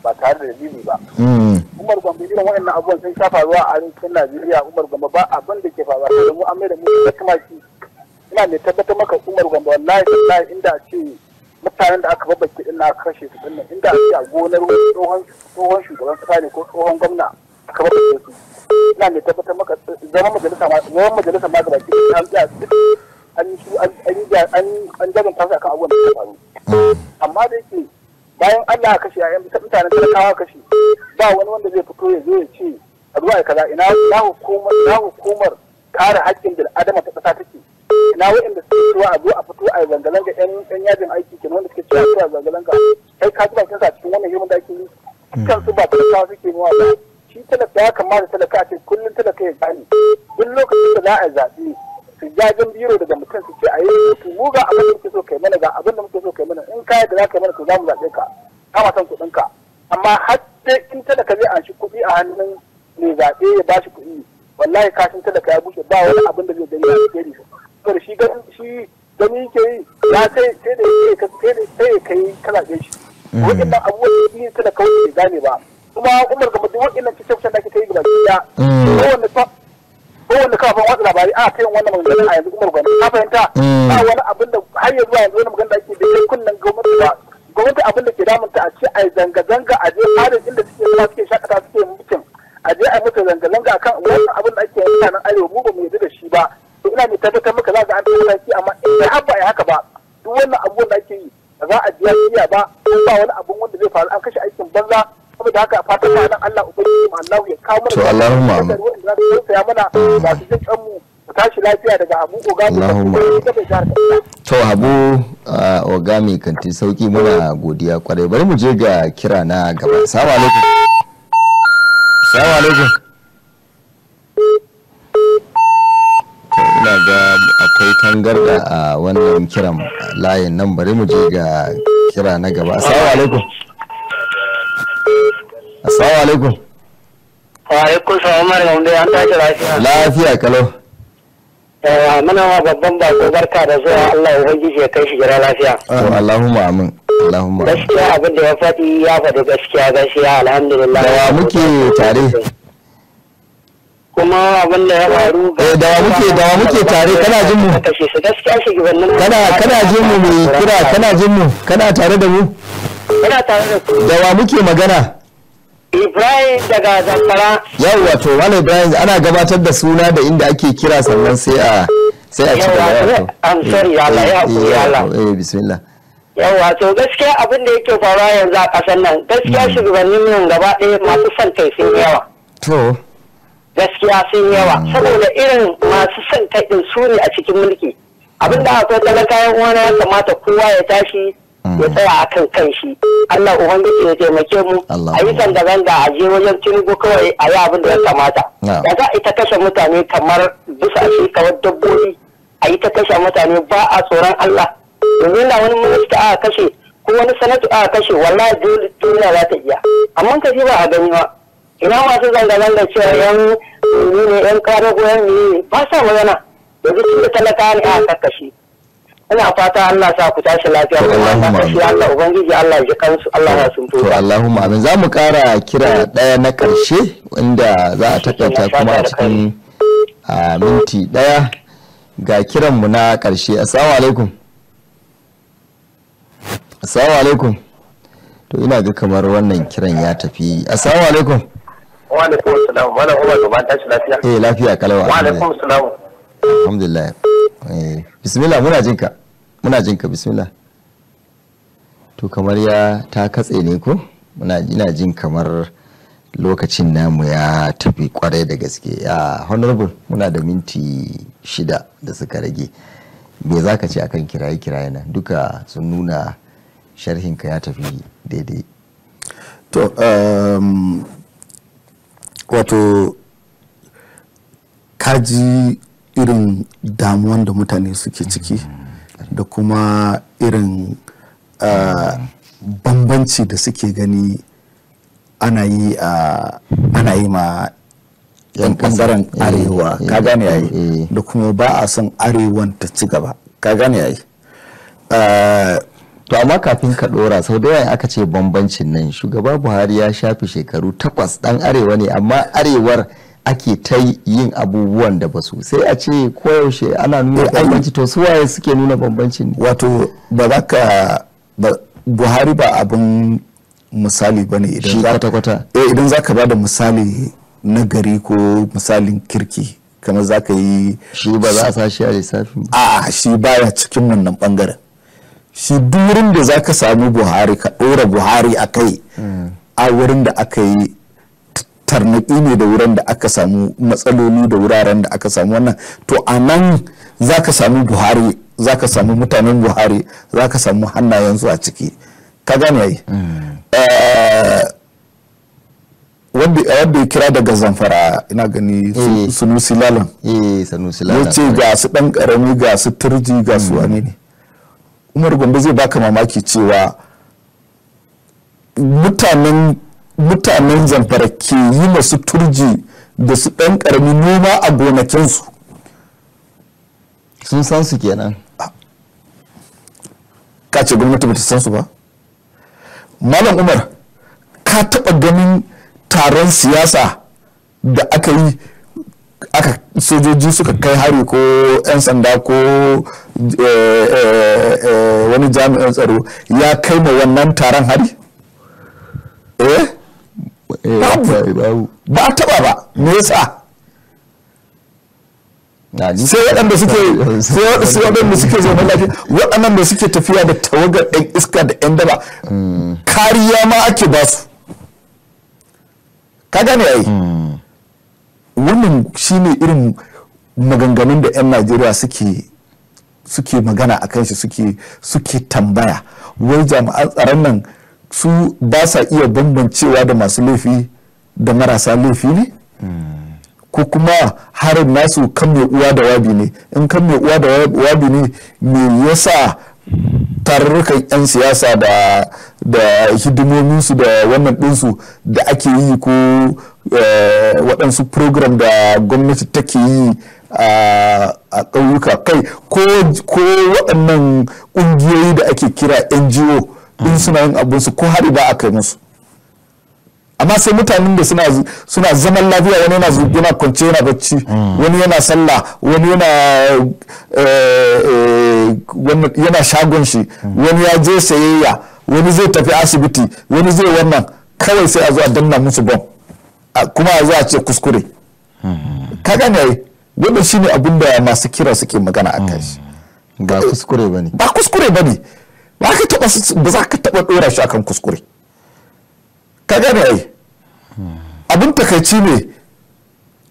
ba tare da dalili ba mm. Umar Gombe irin waɗannan abubuwan sun sha faruwa a arewacin Najeriya Umar Gombe ba abin da ke faruwa da mu an mai da mu da shi. ina mai tabbatar maka Umar Gombe wallahi wallahi inda ce mutanen da aka babbake din na kashe su din inda a ce a gonar tsohon shugaban kasa ne ko tsohon gwamna kamar da su ina ne tabbatar maka zama majalisa ma zama majalisa ma gaba ɗaya an ja an shi an an an jaganta su akan abubuwan da suka faru amma da yake bayan Allah kashe ya yan mutanen talakawa kashe ba wani wanda zai fito ya zo ya ce a zuwa kaza ina na hukumar na hukumar kare haƙƙin bil adama ta ƙasa take ina wa'anda suke cewa a zo a fito a zanga-zanga yan yajin aiki kenan wanda suke cewa a zanga-zanga kai ka ji bakin sa cikin wannan hirin da ake yi hmm. kansu ba talakawa suke mawa ba shi talaka ya kamata talaka a ce kullum talaka ya gane duk lokacin da za a zaɓi su jajen biro daga mutum su ce a yi su mu ga abin da muke so kai mana ga abin da muke so kai mana in ka da za ka mana to za mu zaɓe ka kama san kuɗin ka amma har sai in talaka zai an shi kuɗi a hannun mai zaɓe ya ba shi kuɗi wallahi kashin talaka ya bushe ba wani abin abin a yanzu kuma gwamnati ta fahimta mm. ba wani abin da har yanzu yanzu wani magana ake da gwamnati ba gwamnati abin da ke damunta a ce a yi zanga-zanga a je fadin inda suke zuwa suke shakata suke mutum a je a mutu zanga-zanga akan wannan abin da ake yi a nan arewa mu ba mu yarda da shi ba to ina mai tabbatar maka za ka an shi amma in har ba a haka ba duk wannan abubuwan da ake yi ba za a biya biya ba ba wani abun wanda zai faru an kashe aikin banza saboda haka fatan ma Allah ubangiji Allah ya kawo mana to Allahumma amin ya mana mm. ba lafiya daga Abu Ogami To Abu uh, Ogami sauki muna godiya kwarai bari mu je ga kira na gaba. alaikum. alaikum. ina ga akwai tangarda a wannan kiran layin nan bari mu je ga kira na gaba assalamu alaikum assalamu alaikum wa alaikum salam umar ga an tashi lafiya lafiya kalau muna ma babban bako barka da zuwa Allah ubangiji ya kai shi jira lafiya Allahumma amin Allahumma gaskiya abin da ya faɗi ya faɗi gaskiya gaskiya alhamdulillah dawa muke tare kuma abin da ya faru Eh dawa muke dawa muke tare kana jin mu kana kana jin mu mai kira kana jin mu kana tare da mu kana tare da ku dawa muke magana Ibrahim daga Zamfara yawwa to wani Ibrahim ana gabatar da suna da inda ake kira sannan sai a sai a ci gaba I'm eh, ya eh, eh, bismillah yawa to gaskiya abin da yake faruwa yanzu a kasar nan gaskiya hmm. shugabannin nan gaba ɗaya masu son kai sun yawa to gaskiya sun yawa hmm. saboda irin masu son kai din su ne a cikin mulki abin da akwai kayan wani ya kamata kowa ya tashi hmm. ya tsaya a kan kan shi Allah ubangiji ya taimake mu a yi sanda zanga a je wajen tinubu kawai a yi abin da ya kamata da za a ita kashe mutane kamar bisa shi kawai dabbobi a yi ta kashe mutane ba a tsoron Allah yanzu da wani minista aka kashe ko wani sanatu aka kashe wallahi dole duniya za ta iya amma kashe ba a gani ba ina masu zanga-zanga cewa yan ne yan karo ko yan ne ba sa magana yanzu tun da talaka ne aka kashe ina fata Allah sa ku tashi lafiya ku ta shi Allah ubangiji Allah ya kansu Allah ya sun to Allahumma amin za mu kara kira daya na karshe wanda za a takaita kuma a cikin minti daya ga kiranmu na ƙarshe assalamu alaikum assalamu alaikum to ina ga kamar wannan kiran ya tafi assalamu alaikum wa alaikum assalam ta shi lafiya eh lafiya kalawa wa alaikum assalam alhamdulillah eh bismillah muna jinka muna jinka bismillah to kamar ya ta katse ne ko muna jin kamar lokacin namu ya tafi kwarai da gaske ya honorable muna da minti shida da suka rage me za ka ce akan kiraye kiraye na duka sun nuna sharhinka ya tafi daidai to um, wato kaji irin damuwan da mutane suke ciki mm-hmm. da kuma irin uh, bambanci da suke gani ana yi a ana yi ma yan bangaren eh, arewa eh, ka gane yayi eh. da kuma ba a son arewan ta ci gaba ka gane yayi to amma kafin ka dora sau da yawa aka ce bambancin nan shugaba buhari ya shafi shekaru takwas dan arewa ne amma arewar ake ta yin abubuwan da ba su sai a ce koyaushe ana nuna bambanci to su waye suke nuna bambancin wato ba za ka buhari ba abin misali bane idan za kwata eh idan bada misali na gari ko misalin kirki kamar ka yi shi ba za a sashi a lissafi a shi baya cikin wannan bangaren shi durin da za ka samu Buhari ka dora Buhari a kai hmm. a wurin da aka yi tarnaki ne da wurin da aka samu matsaloli da wuraren da aka samu wannan to a nan za ka samu Buhari za ka samu mutanen Buhari za ka samu hannayen zuwa ciki ka gane yi Eh, wanda ya kira daga zamfara ina gani eh. eh, sunusi lalan ya ce ga su dan karami ga su turji ga su hmm. wani ne umar gombe zai baka mamaki cewa mutanen mutanen zamfara ke yi masu turji da su dan karami noma a gonakinsu sun san su kenan ka ce gwamnati ba ta san su ba malam umar ka taɓa ganin taron siyasa da aka yi aka sojoji suka kai hari ko 'yan sanda ko eh, eh, eh, wani jami'an tsaro ya kai ma wannan taron hari? eh? ba a taɓa ba me yasa? sai waɗanda suke sai waɗanda suke zaune lafiya waɗannan da suke tafiya da tawagar ɗan iska da ɗan daba hmm. kariya ma ake ba su ka gane ai hmm. wannan shine irin maganganun da 'yan najeriya suke magana a kan shi suke tambaya wai jami'an tsaron nan su ba sa iya bambancewa da masu laifi da marasa laifi ne hmm. ko kuma harin nasu kan mai uwa da wabi ne in kan mai uwa da wabi ne me yasa tarurrukan 'yan siyasa da da hidimominsu da wannan ɗinsu da ake yi ko eh, waɗansu program da gwamnati take yi a ƙauyuka kai ko waɗannan ƙungiyoyi da ake kira ngo in suna yin abinsu ko hari ba a kai musu amma sai mutanen da suna suna zaman lafiya wani yana yana kwance yana bacci mm. wani yana sallah wani yana eh, eh, yana shagon shi mm. wani ya je sayayya wani zai tafi asibiti wani zai wannan kawai sai a zo a danna musu bom kuma a zo a ce kuskure mm. ka gane wanda shine abin da masu kira suke magana a kai ba kuskure bane ba kuskure bane ba ka taba ba za ka taba dora shi akan kuskure ka gane ai abin takaici ne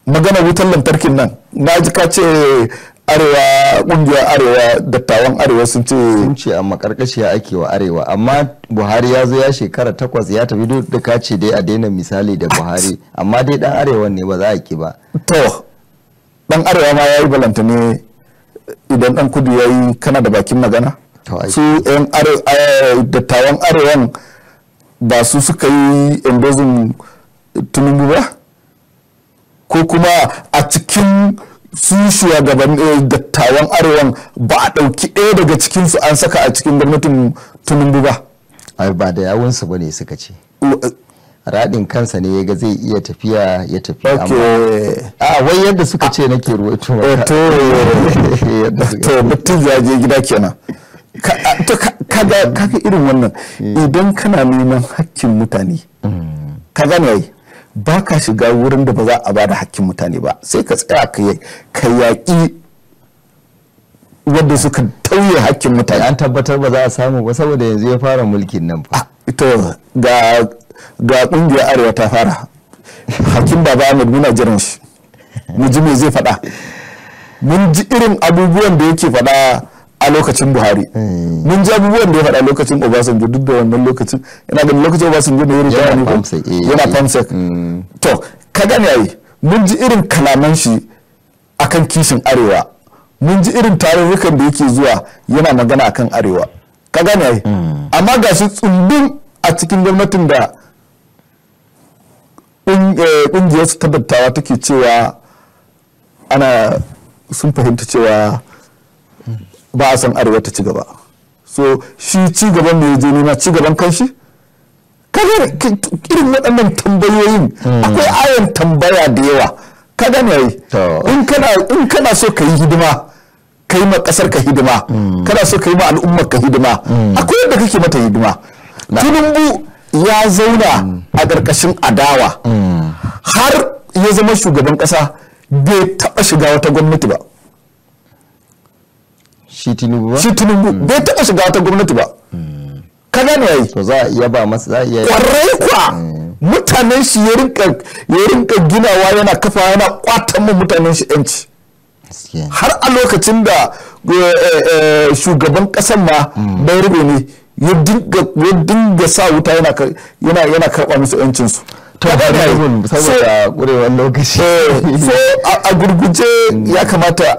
magana wutar lantarkin nan na ji ka ce arewa kungiyar arewa dattawan arewa sun ce sun ce amma karkashiya ake wa arewa amma buhari ya zo ya shekara takwas ya tafi duk da ka ce dai a daina misali da buhari amma dai dan arewa ne ba za a ki ba to dan arewa ma ya yi balanta ne idan dan kudu ya yi kana da bakin magana su yan eh, dattawan arewan ba su suka yi endozin tunubu ba ko kuma a cikin su shugaban eh, dattawan arewan ba a ɗauki ɗaya daga cikinsu an saka a cikin gwamnatin tunubu ba ba da yawunsu ba ne suka ce eh. raɗin kansa ne ga zai iya tafiya ya tafi amma a wai yadda suka ce na nake ruwaito eh, to to mutum ya je gida kenan kaga irin wannan mm. idan kana neman hakkin mutane mm. ka gane ba ka shiga wurin da ba za a ba da hakkin mutane ba sai ka tsaya ka yaƙi wadda suka tauye hakkin mutane an tabbatar ba za a samu ba saboda yanzu ya fara mulkin nan ba ah, to ga ga kungiyar arewa ta fara hakim baba ahmed muna jiran shi mu ji me zai faɗa mun ji irin abubuwan da yake faɗa a lokacin buhari hmm. mun ji abubuwan da ya faɗa lokacin obasanjo duk da wannan lokacin yana ganin lokacin obasanjo ne ya ritaya ne yana famsek eh, eh. hmm. to ka gane yi mun ji irin kalaman shi akan kishin arewa mun ji irin tarurrukan da yake zuwa yana magana akan arewa ka gane yi hmm. amma ga shi tsundun a cikin gwamnatin da kungiyar eh, su ta dattawa take cewa ana sun fahimta cewa ba a san arewa ta ci gaba so shi ci gaban mai je nema ci gaban kanshi kaga irin waɗannan tambayoyin hmm. akwai ayon tambaya da yawa kaga ne in kana in kana so ka yi hidima ka yi ma ƙasar ka hidima hmm. kana so ka yi ma al'ummar ka hidima hmm. akwai yadda kake mata hidima tunumbu ya zauna a ƙarƙashin adawa har ya zama shugaban ƙasa bai taɓa shiga wata gwamnati ba shi tinubu ba shi tinubu hmm. bai taɓa shiga wata gwamnati ba hmm. ka gane yayi to za a iya ba masa za a iya kwarai kwa hmm. mutanen shi ya rinka ya rinka ginawa yana kafa yana kwatan mu mutanen shi yanci har a lokacin da eh, eh, shugaban kasan ma bai rube ne ya dinga sa wuta yana yana karba musu yancin su saboda kurewar lokaci eh, so a gurguje ya kamata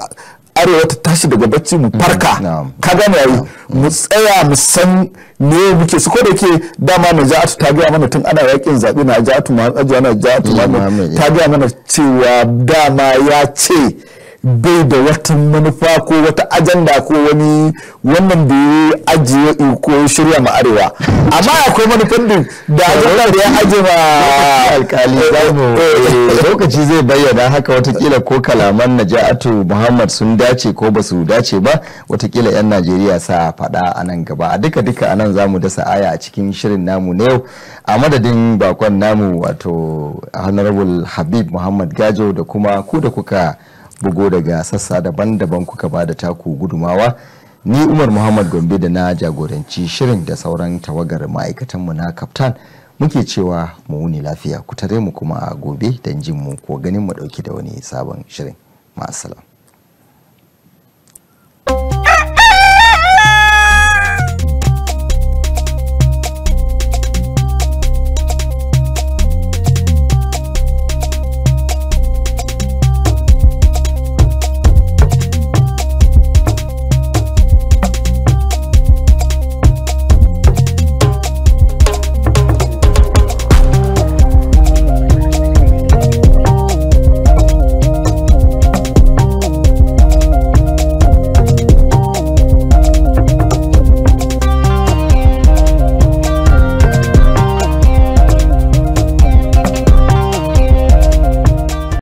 arewa ta tashi daga bacci mu farka mm, ka gane yayi mu tsaya mu san me muke su da ke dama na ja'atu ta gaya mana tun ana yakin zaɓe na ja'atu ma na ja'atu ma mm, ta gaya mana cewa dama ya ce bai da wata manufa ko wata ajanda ko wani wannan da ya ajiye ko shirya ma arewa amma akwai manufan da da ajanda da ya ajiye ma alkali eh, eh, eh. lokaci zai bayyana haka watakila ko kalaman naja'atu muhammad sun dace ko ba su dace ba watakila yan najeriya sa faɗa a nan gaba a duka duka a nan za mu dasa aya a cikin shirin namu na yau a madadin bakon namu wato honorable habib muhammad gajo da kuma ku da kuka bugo daga sassa daban-daban kuka ba da taku gudumawa ni umar muhammad gombe da na jagoranci shirin da sauran tawagar ma'aikatanmu na kaftan muke cewa mu wuni lafiya ku tare mu kuma a gobe don jin mu ko ganin mu ɗauki da wani sabon shirin ma'asalam